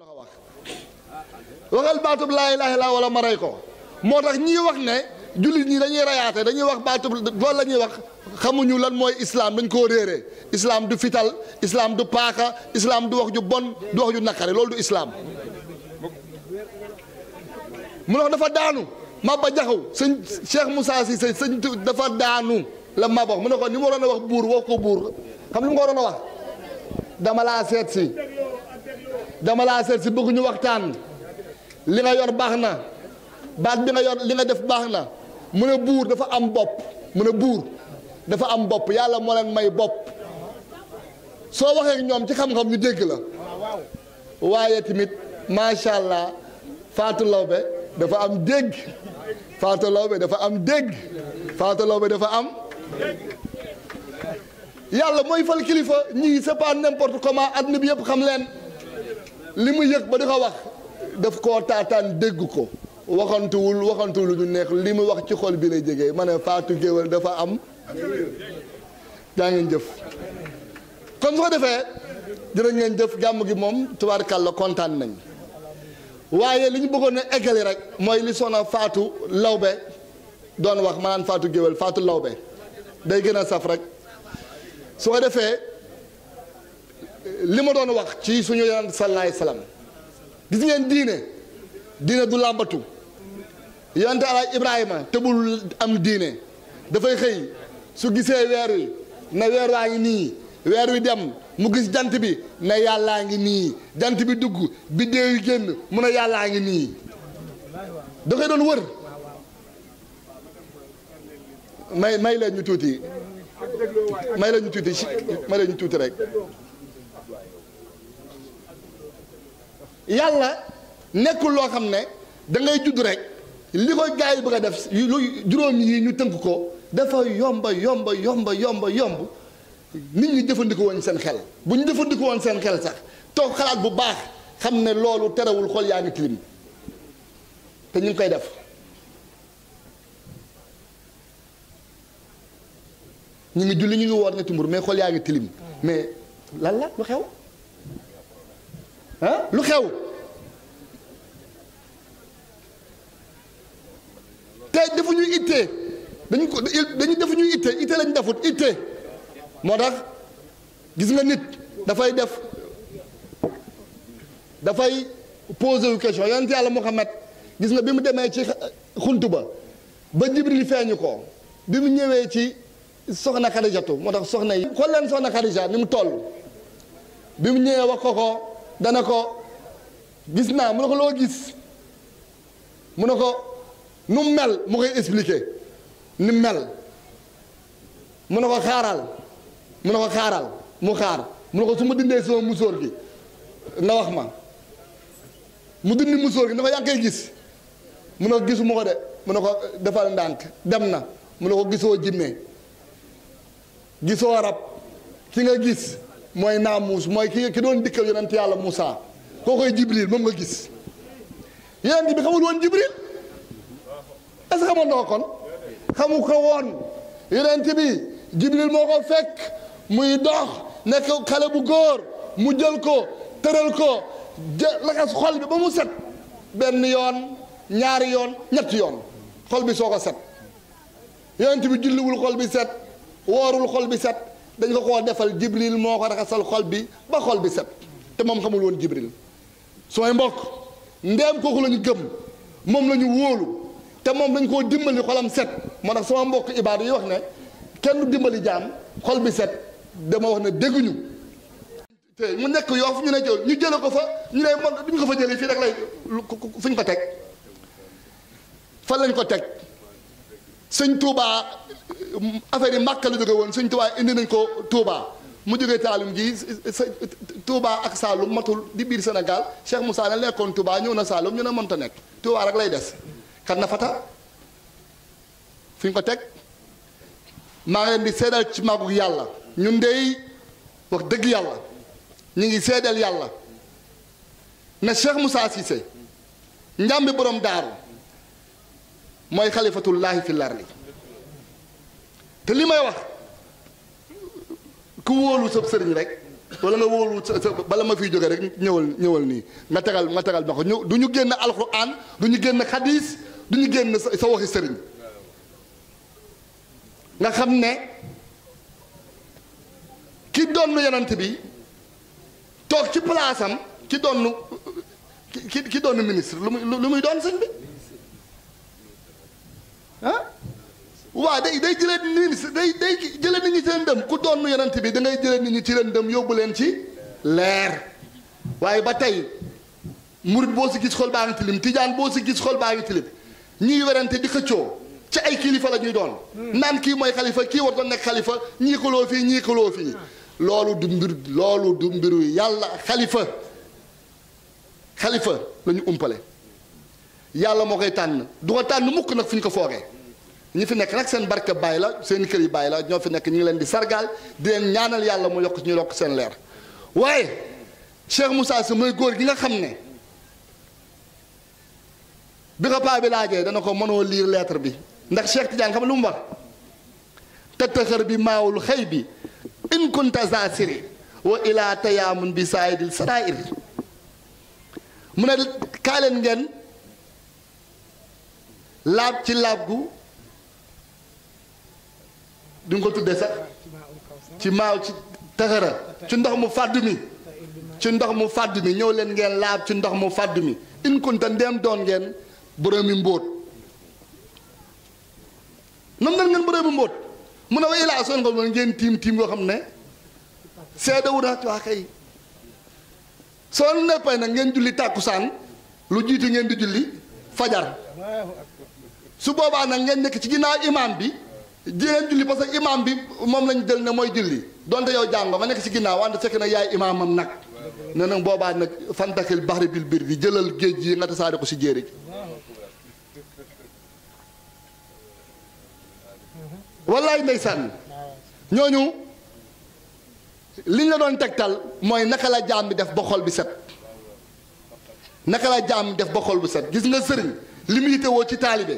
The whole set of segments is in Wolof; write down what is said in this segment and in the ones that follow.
loxo wax waxal baatub laa ilaha illa wala ma ko raya. tax ñii wax ne jullit ñi dañuy reyaate dañuy wax la wax xamuñu lan islam dañ koo islam du fital islam du paka islam du wax ju bon du wax ju nakare, lol du islam mu wax dafa daanu mabba jaxaw sëñ cheikh moussa si sëñ sëñ dafa daanu la mabba mu ne ko ni mu wax ko bur xam si dama laa seet si bëgguñu waxtaan li nga yor baax na baat bi nga yor li nga def baax na mu ne buur dafa am bopp mu ne buur dafa am bopp yàlla moo leen may bopp soo waxee ak ñoom ci xam-xam ñu dégg la waaye tamit macha allah Fatou Laobé dafa am dégg Fatou Laobé dafa am dégg Fatou Laobé dafa am yàlla mooy fal kilifa ñii c'est pas n'importe comment àdduna bi yëpp xam leen. li mu yëg ba di ko wax def koo taataan dégg ko waxantuwul waxantuwul lu ñu neex li mu wax ci xol bi lay jege ma ne faatu géwél dafa am daa ngeen jëf kon su ko defee jërë ngeen jëf gàmm gi moom tubaarkàlla kontaan nañ waaye li ñu bëggoon a eggali rek mooy li soxna Fatou Lawbe doon wax maanaam faatu Guéwél faatu Lawbe day gën a saf rek su ko defee li ma doon wax ci suñu yonent salaay salaam gis ngeen diine diine du làmbatu yonent ala Ibrahima tëbul am diine dafay xëy su gisee weer wi na weer waa ngi nii weer wi dem mu gis jant bi na yàllaa ngi nii jant bi dugg biddéew yi génn mu ne yàllaa ngi nii da koy doon wër may may leen ñu tuuti may leen ñu tuuti ñu tuuti rek yàlla nekkul loo xam ne dangay ngay rek li ko gars yi bëgg a def lu juróom yi ñu tënk ko dafa yomba yomba yomba yomba yomb nit ñi jëfandikoo woon seen xel bu ñu jëfandikoo sax toog xalaat bu baax xam ne loolu terewul xol yaa ngi ngi koy def ñu ngi julli ñu ngi woor mais xol yaa ngi tilim mais lan la lu xew ah lu xew te defu ñu ittee dañu ko dañu defu ñu ittee ittee lañu defut ittee moo tax gis nga nit dafay def dafay posé wu question yonent yàlla Muhammad gis nga bi mu demee ci xuntu ba ba Jibril feeñu ko bi mu ñëwee ci soxna Xadijatu moo tax soxna yi xool leen soxna Xadija ni mu toll bi mu ñëwee wax ko ko dana ko gis naa mu ne ko loo gis mu ne ko nu mel mu koy expliquer ni mel mu ne ko xaaral mu ne ko xaaral mu xaar mu ne ko su ma dindee sama musóor gi ndax wax ma mu dindi musóor gi ne ko yaa koy gis mu ne ko gisuma ko defal ndànk dem na mu ne ko gisoo jinne gisoo rab ki nga gis mooy naamuus mooy ki ki doon dikkal yonent yàlla Moussa koo koy jibril moom nga gis yonent bi xamul woon jibril est ce que xamoon na ko kon xamu ko woon yonent bi jibril moo ko fekk muy dox nekk xale bu góor mu jël ko tëral ko jë lakas xol bi ba mu set benn yoon ñaari yoon ñetti yoon xol bi soo ko set yonent bi julliwul xol bi set woorul xol bi set dañ ko koo defal jibril moo ko raxasal xol bi ba xol bi set te moom xamul woon jibril sooy mbokk ndeem kooku la ñu gëm moom la wóolu te moom dañ koo dimbali xolam set moo tax sama mbokk ibaadu yi wax ne kenn du dimbali jaam xol bi set dama wax ne dégguñu te mu nekk yoo ñu ne jël ñu jële ko fa ñu ne moom duñu ko fa jëlee fii rek lay fuñ ko teg fan lañ ko teg sëñ Touba affaire yi la jóge woon sëñ Touba indi nañ ko tuubaa mu jógee Taalum ji Touba ak Saalum matul di biir Sénégal Cheikh Moussa ne nekkoon Touba ñëw na Saalum ñu ne mënta nekk tuubaa rek lay des kan nafata fi ñu ko teg maa ngi leen di seedal ci màggu yàlla ñun dey wax dëgg yàlla ñu ngi seedal yàlla ne Cheikh Moussa Cissé njàmbi borom daaru mooy xalifatullaahi fi lardi te li may wax ku wóolu sa sëriñ rek wala nga wóolu sa bala ma fiy jóge rek ñëwal ñëwal nii nga tegal nga tegal ma ko ñu du ñu génn alxuraan du ñu génn xadiis du ñu génn sa waxi sëriñ nga xam ne ki donn yonent bi toog ci palaasam ki donn ki ki donn ministre lu muy lu muy doon sëñ bi ah waa day day jëlee ministre day day jëlee nit ñi ci lëndëm ku donn yonent bi da jële jëlee nit ci ci lëndëm yóbbu leen ci leer waaye ba tey murit boo si gis xol baa ngi tilim tijaan boo si gis xol baa ngi tilim ñuy werante di xëccoo ci ay kilifa la ñuy doon hmm. naan kii mooy xalifa kii war doon nekk xalifa ñii kaloo fii ñii hmm. loolu du mbir loolu du mbiru yàlla xalifa xalifa lañu umpale yàlla moo koy tànn du ko tànn mukk nag fu ñu ko foogee ñu fi nekk nag seen bark baay la seen kër yi baay la ñoo fi nekk ñu ngi leen di sargaal di leen ñaanal yàlla mu yokk ñu yokk seen leer waaye Cheikh Moussa Sy mooy góor gi nga xam ne bi ko paa bi laajee dana ko mënoo lire lettre bi ndax Cheikh Tidiane xam lu mu wax tëtëxër bi maawul xëy bi in kunta zaasiri wa ilaa tayaamun bi saayidil sarair mu ne kaaleen ngeen laab ci laab gu duñ ko tuddee sax ci maaw ci tëxëra ci ndox mu fàddu mi ci ndox mu fàddu mi ñëw leen ngeen laab ci ndox mu fàddu mi in kunta ndeem doon ngeen boroomi mbóot nam nan ngeen boroomi mbot mu ne wa son ko ngeen tim tim yo xamne ne seedawu naa ci waxay son ne pay nag ngeen julli takusan lu jitu ngeen di julli fajar su boba nag ngeen nek ci ginnaaw imam bi ngeen julli parce que imam bi mom lañ del ne moy julli donte yow jang ma nek ci ginnaaw wante fekk na yaay imamam nak nanang boba nak fantakil bahri bil bir di jëlal géej gi nga tasaare ko si jéeri wallaay ndeysaan ñooñu liñ la doon tegtal mooy naka la jaam bi def ba xol bi set naka la jaam def ba xol bu set gis nga sëriñ li muy yitewoo ci taalibe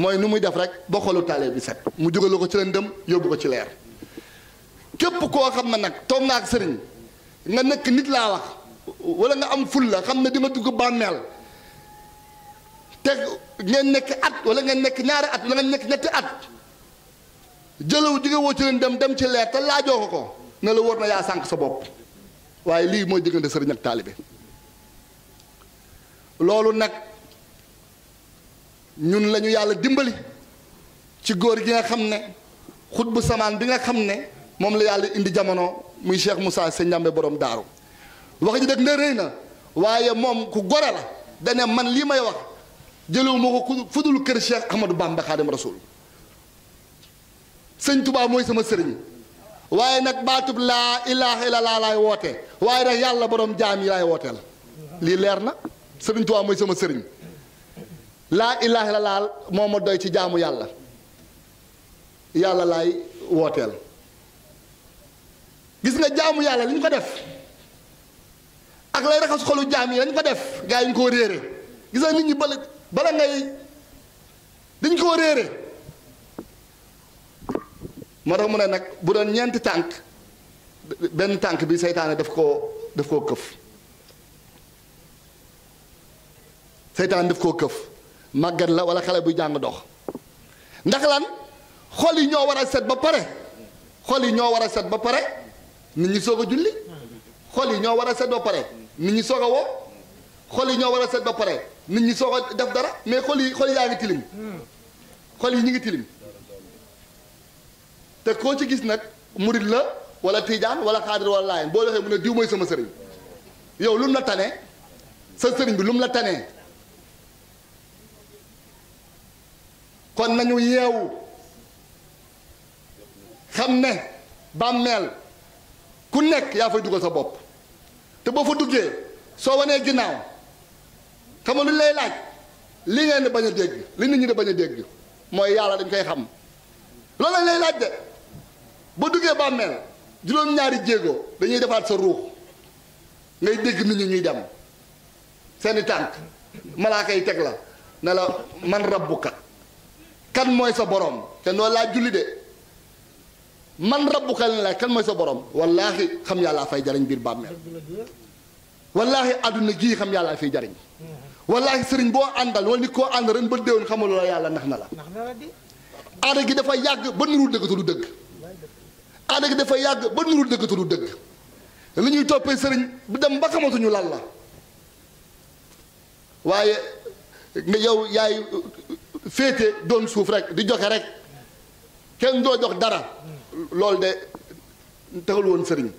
mooy nu muy def rek ba xolu taalibe bi set mu jógale ko ci lëndëm yóbbu ko ci leer képp koo xam ne nag toog naa ak sëriñ nga nekk nit laa wax wala nga am ful la xam ne di nga dugg bàmmeel te ngeen nekk at wala ngeen nekk ñaari at wala ngeen nekk ñetti at jëlaw jóge woo ci leen dem dem ci leer te laajoo ko ko ne la wóor na yaa sànq sa bopp waaye lii mooy diggante sëriñ ak taalibe loolu nag ñun lañu yàlla dimbali ci góor gi nga xam ne xut bu samaan bi nga xam ne moom la yàlla indi jamono muy Cheikh Moussa Seye Ndiamé boroom daaru wax ji dëgg na rëy na waaye moom ku gore la dane man lii may wax jëlewu ma ko ku fudul kër Cheikh Ahmadou Bamba Xaadim Rasul sëñ tubaa mooy sama sëriñ waaye nag baatub laa ilaaha illallah laay woote waaye nag yàlla borom jaam yi laay wooteel lii leer na sëriñ tubaa mooy sama sëriñ laa ilaaha illallah moo ma doy ci jaamu yàlla yàlla laay wooteel gis nga jaamu yàlla liñ ko def ak lay raxas xolu jaam yi lañ ko def gaa yi ñu koo réere gis nga nit ñi bala bala ngay dañ koo réere moo tax mu ne nag bu doon ñeenti tànk benn tànk bi seytaane daf koo daf koo këf seytaane daf koo këf màggat la wala xale buy jàng dox ndax lan xol yi ñoo war a set ba pare xol yi ñoo war a set ba pare nit ñi soog a julli xol yi ñoo war a set ba pare nit ñi soog a woo xol yi ñoo war a set ba nit ñi soog def dara mais xol yi xol yaa ngi tilim hmm. xol yi ñu ngi tilim te koo ci gis nag murit la wala tiijaan wala xaadir wala laayeen boo doxee mu ne diw mooy sama sëriñ yow lu mu la tane sa sëriñ bi lu mu la tane kon nañu yeewu xam ne bàmmeel ku nekk yaa fay dugal sa bopp te boo fa duggee soo wanee ginnaaw xam lu lay laaj li ngeen bañ a dégg li nit ñi di bañ a dégg mooy yàlla dañ koy xam loolu lañ lay laaj de ba duggee bàmmeel juróom-ñaari jéego dañuy defaat sa ruux ngay dégg nit ñi ñuy dem seeni tànk malaaka yi teg la ne la man rabbuka kan mooy sa borom te noonu laa julli de man rabbuka ne la kan mooy sa borom wallaahi xam yàllaa fay jariñ biir bàmmeel wallaahi àdduna gii xam yàllaa fiy jariñ wallaahi sëriñ boo àndal wala nit koo ànd ren ba déwén xamuloo la yàlla nax na la aada gi dafa yàgg ba nuru dëgg te du dëgg aada gi dafa yàgg ba nurul dëgg tudd dëgg ñuy toppee sëriñ bi dem ba xamatuñu lan la waaye nga yow yaay féete doon suuf rek di joxe rek kenn doo jox dara loolu de taxul woon sëriñ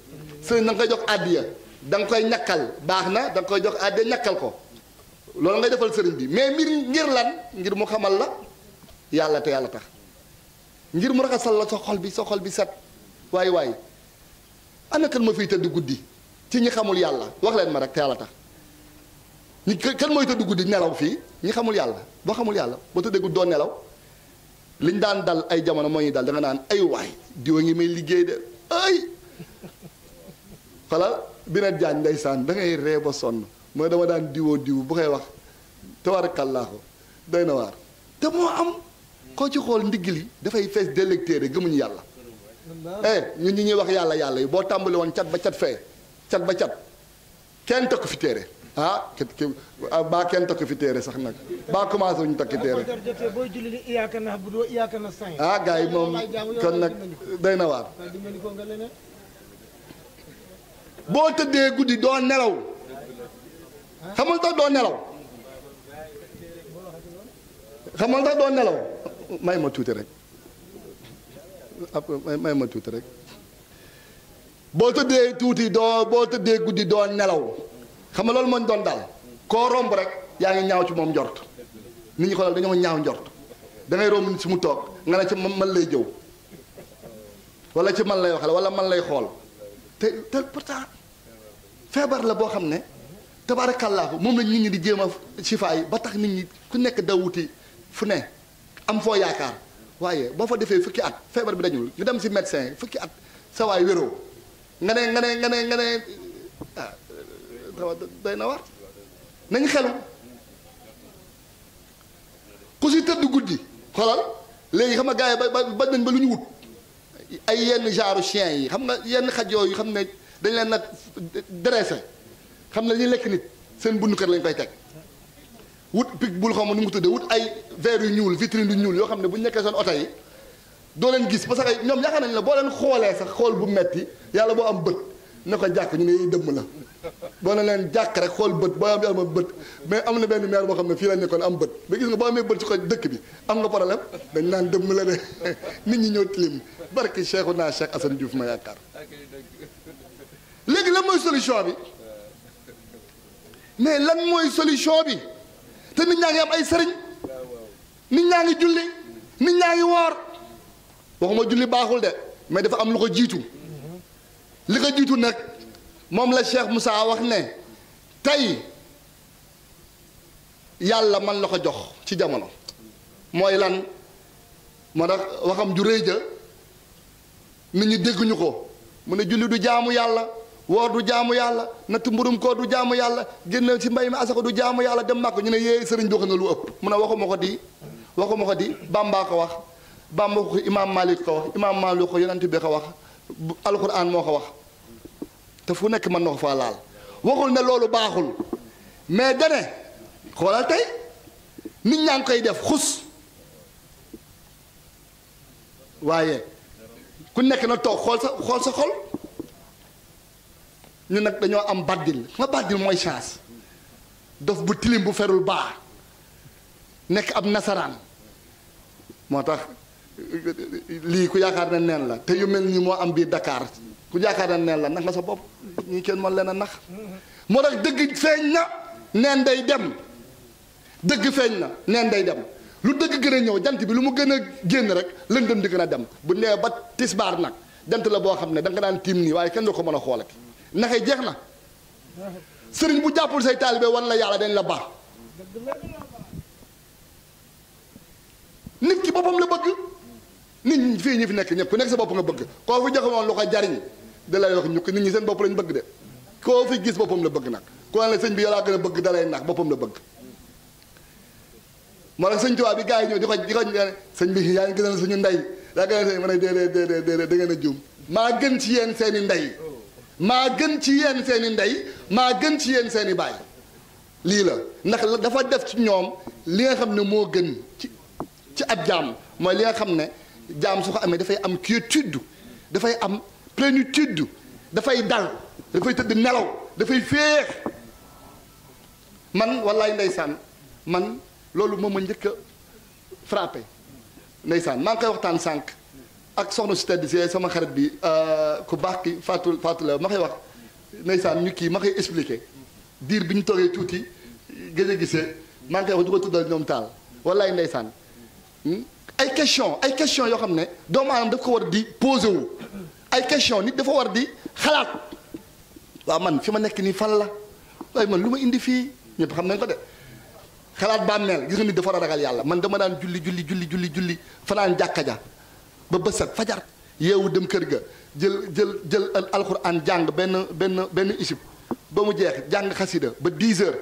sëriñ da nga koy jox àddiya da nga koy ñakkal baax na danga koy jox àddiya ñakkal ko loolu ngay defal sëriñ bi mais mbir ngir lan ngir mu xamal la yàlla te yàlla tax ngir mu raxasal la sa bi sa bi set waaye waaye na kan ma fiy tëdd guddi ci ñi xamul yàlla wax leen ma rek te yàlla tax ñi kan mooy tëdd guddi nelaw fii ñi xamul yàlla boo xamul yàlla boo tëddee guddi doo nelaw liñ daan dal ay jamono moo ñuy dal naan ay waay diwa ngi may liggéey de ay xolal Binet Diagne ndeysaan da ngay ree sonn mooy dama daan diwoo diw bu koy wax te tabarakallaahu doy na waar te moo am koo ci xool ndigg li dafay fees délecté gëmuñu yàlla eh ñu ñi ñuy wax yàlla yàlla yi boo tàmbali woon cat ba cat fee cat ba cat kenn takku fi téere ah ki ki ah, baa kenn takku fi téere sax nag baa commencé wuñu takki téere ah gars yi moom kon nag day na waar boo tëddee guddi doo nelaw xamul tax doo nelaw xamul tax doo nelaw may ma tuuti rek may ma tuuti rek boo tëddee tuuti doo boo tëddee guddi doo nelaw xam nga loolu moo doon daal koo romb rek yaa ngi ñaaw ci moom njort nit ñi xoolal dañoo ñaaw njort da ngay romb mu toog nga ne ci man lay jëw wala ci man lay waxal wala man lay xool te te feebar la boo xam ne tabaarakallaahu moom la nit ñi di jéem a sifaay ba tax nit ñi ku nekk dawuti fu ne am foo yaakaar waaye boo fa defee fukki at feebar bi dañul nga dem si médecin fukki at sa waay wéroo nga ne nga ne nga ne nga ne ah day na war nañ xelu ku si tëdd guddi xoolal léegi xam nga gars yi ba ba ba lu ñu wut ay yenn genre chien yi xam nga yenn xaj yooyu xam ne dañ leen nag dressé xam ne li lekk nit seen bundu lañ koy teg wut picc bul xaw ma nu mu tuddee wut ay verre yu ñuul vitrine yu ñuul yoo xam ne bu ñu nekkee seen oto yi doo leen gis parce que ñoom yaakaar nañ la boo leen xoolee sax xool bu metti yàlla boo am bët ne ko jàkk ñu ne dëmm la boo na leen jàkk rek xool bët boo am yàlla bët mais am na benn maire boo xam ne fii la nekkoon am bët mais gis nga boo amee bët ci ko dëkk bi am nga problème dañ naan dëmm la de nit ñi ñoo tilim barki Cheikhu naa Cheikh Assane Diouf ma yaakaar léegi lan mooy solution bi mais lan mooy solution bi te nit ñaa ngi am ay sëriñ nit ñaa ngi julli nit ñaa ngi woor waxuma julli baaxul de mais dafa am lu ko jiitu li ko jiitu nag moom la Cheikh Moussa wax ne tay yàlla man la ko jox ci jamono mooy lan moo tax waxam ju jë ja nit ñi dégguñu ko mu ne julli du jaamu yàlla woor du jaamu yàlla natt mburum koo du jaamu yàlla génn ci mbay mi asaka du jaamu yàlla dem màkk ñu ne yéey sëriñ dox na lu ëpp mu ne waxuma ko di waxuma ko di bàmbaa ko wax bàmba ko imaam malik ko wax imaam malik ko yonent bi ko wax alquran moo ko wax te fu nekk mën na ko faa laal waxul ne loolu baaxul mais dane xoolal tey nit ñaa ngi koy def xus waaye ku nekk na toog xool sa xool sa xol ñu nag dañoo am baddil nga baddil mooy chance dof bu tilim bu ferul baax nekk ab nasaraan moo tax lii ku yaakaar na neen la te yu mel nii moo am biir dakaar ku yaakaar na neen la nax nga sa bopp ñu kenn mën leen a nax moo tax dëgg feeñ na neen day dem dëgg feeñ na neen day dem lu dëgg gën a ñëw jant bi lu mu gën a génn rek lëndëm di gën a dem bu nee ba tisbaar nag jant la boo xam ne da nga daan tiim nii waaye kenn du ko mën a xoole ndaxe jeex na sëriñ bu jàppul say taalibe wan la yàlla dañ la baax nit ki boppam la bëgg nit fii ñu fi nekk ñëpp ku nekk sa bopp nga bëgg koo fi joxe woon lu ko jariñ da lay wax ñukk nit ñi seen bopp lañ bëgg de koo fi gis boppam la bëgg nag ku ne la sëñ bi yow gën a bëgg da lay boppam la bëgg sëñ tubaab bi gars yi ñëw di ko di ko sëñ bi suñu ndey daa gën a sëñ ma ne déedéet déedéet a juum maa gën ci yeen seeni ndey maa gën ci yéen seeni ndey maa gën ci yeen seeni i lii la ndax dafa def ci ñoom li nga xam ne moo gën ci ab jaam mooy li nga xam ne jaam su ko amee dafay am quiétude dafay am plénitude dafay dal dafay tëdd nelaw dafay féex man wallaay ndeysaan man loolu moom ma njëkk a frappé ndeysaan maa ngi koy waxtaan sànq ak soxna su tedd si sama xarit bi euh, ku baax ki Fatou ma koy wax ndeysaan ñu kii ma kay expliquer diir bi ñu touti tuuti gisse a kay maa ngi koy wax du ko tuddal ñoom taal wallaay ndeysaan hmm? ay question ay question yoo xam ne doomu aadama daf ko war di posé wu ay question nit dafa war di xalaat wa man fi ma nekk nii fan la man luma indi fi ñëpp xam nañ ko de xalaat bàmmeel gis nga nit dafa ragal yalla man dama daan julli julli julli julli julli fanaan jàkka ja ba bësat fajar yeewu dem kër ga jël jël jël alxuraan jàng benn benn benn isib ba mu jeex jàng xasida ba 10 heures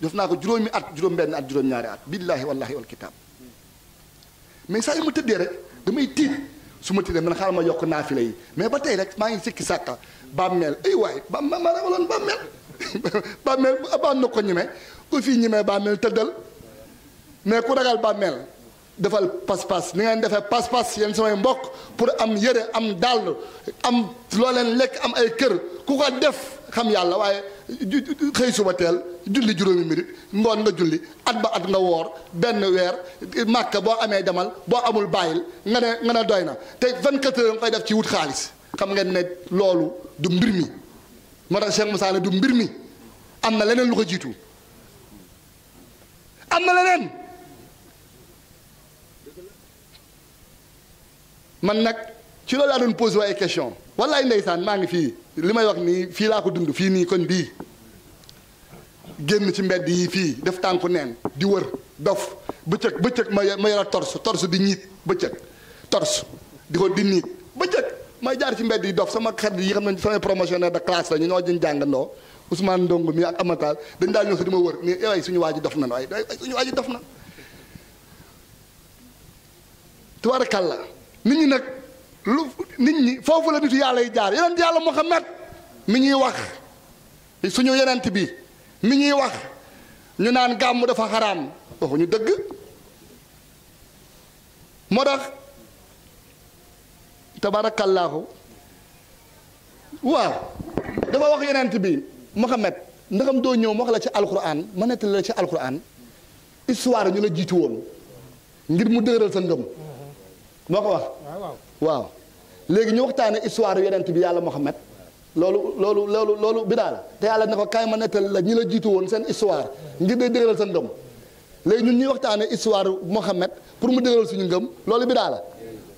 def naa ko juróomi at juróom benn at juróom ñaari at billaahi wallaahi wal kitaab mais sax yu ma tëddee rek damay tiit su ma tiitee man xaaral ma yokk naafile yi mais ba tey rek maa ngi sikki sàkka bàmmeel ay waay ba ma ragaloon bàmmeel bàmmeel abaan na ko ñemee ku fii ñemee bàmmeel tëddal mais ku ragal bàmmeel defal pas-pas ni ngeen defee pas-pas yéen samay mbokk pour am yëre am dàll am loo leen lekk am ay kër ku ko def xam yàlla waaye xëy suba teel julli juróomi minit ngoon nga julli at ba at nga woor benn weer màkka boo amee demal boo amul bàyyil nga ne nga ne doy na te 24 heures koy def ci wut xaalis xam ngeen ne loolu du mbir mi moo tax Cheikh Moussa ne du mbir mi am na leneen lu ko jiitu am na leneen. man nag ci loolu laa doon posé ay question wallaay ndeysaan maa ngi fii li may wax nii fii laa ko dund fii nii kon bii génn ci mbedd yi fii def tànku neen di wër dof bëccëg bëccëg ma ma tors tors torse torse di ñiit bëccëg torse di ko di niit bëccëg may jaar ci mbedd yi dof sama xarit yi xam ne samay promotionnaire de classe la ñu ñoo jën jàngandoo Ousmane Ndongo mi ak Amatal dañ daal ñëw si di ma wër ni eh ay suñu waa ji dof na ay suñu waa ji dof na tubaarkàlla nit ñi nag lu nit ñi foofu la nitu yàlla yi jaar yonent yàlla Muhammad mi ñuy wax suñu yonent bi mi ñuy wax ñu naan gàmm dafa xaraam waxuñu dëgg moo tax dafa wax yonent bi Muhammad ndaxam doo ñëw ma wax la ci alquran ma nettali la ci alquran histoire ñu la jiitu woon ngir mu dëgëral sa ngëm moo ko wax waaw léegi ñu waxtaanee histoire yonent bi yàlla Muhammad loolu loolu loolu loolu bi daal te yàlla ne ko kaay ma nettal la ñi la jiitu woon seen histoire ngir day dëgëral seen ngëm léegi ñun ñuy waxtaane histoire Muhammad pour mu dëgëral suñu ngëm loolu bi daal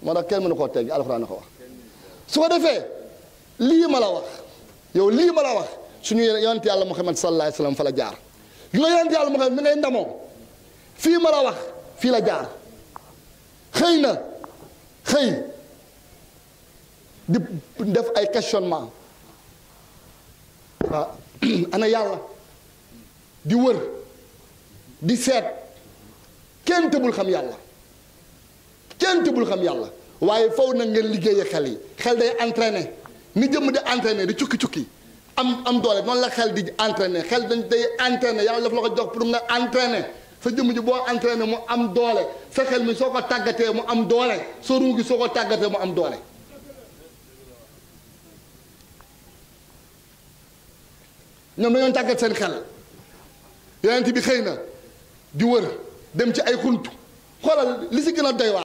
moo tax kenn mënu koo teggi alxuraan na ko wax su ko defee lii ma la wax yow lii ma la wax suñu yonent yàlla Muhammad sallallahu alayhi wa sallam fa la jaar li nga yonent yàlla Muhammad mi ngay ndamoo fii fii la jaar na xëy di def ay questionnement waaw ana yàlla di wër di seet kenn tëbul xam yàlla kenn tëbul xam yàlla waaye faw na ngeen liggéeyee xel yi xel day entraîné ni jëmm di entraîné di cukki cukki am am doole noonu la xel di entraîné xel dañ day entraîné yàlla daf la ko jox pour nga entraîné sa jëmm ji boo entraîné mu am doole sa xel mi soo ko tàggatee mu am doole sa ruu gi soo ko tàggatee mu am doole ñoom dañoo tàggat seen xel yonent bi xëy na di wër dem ci ay xuntu xoolal li si gën a doy waar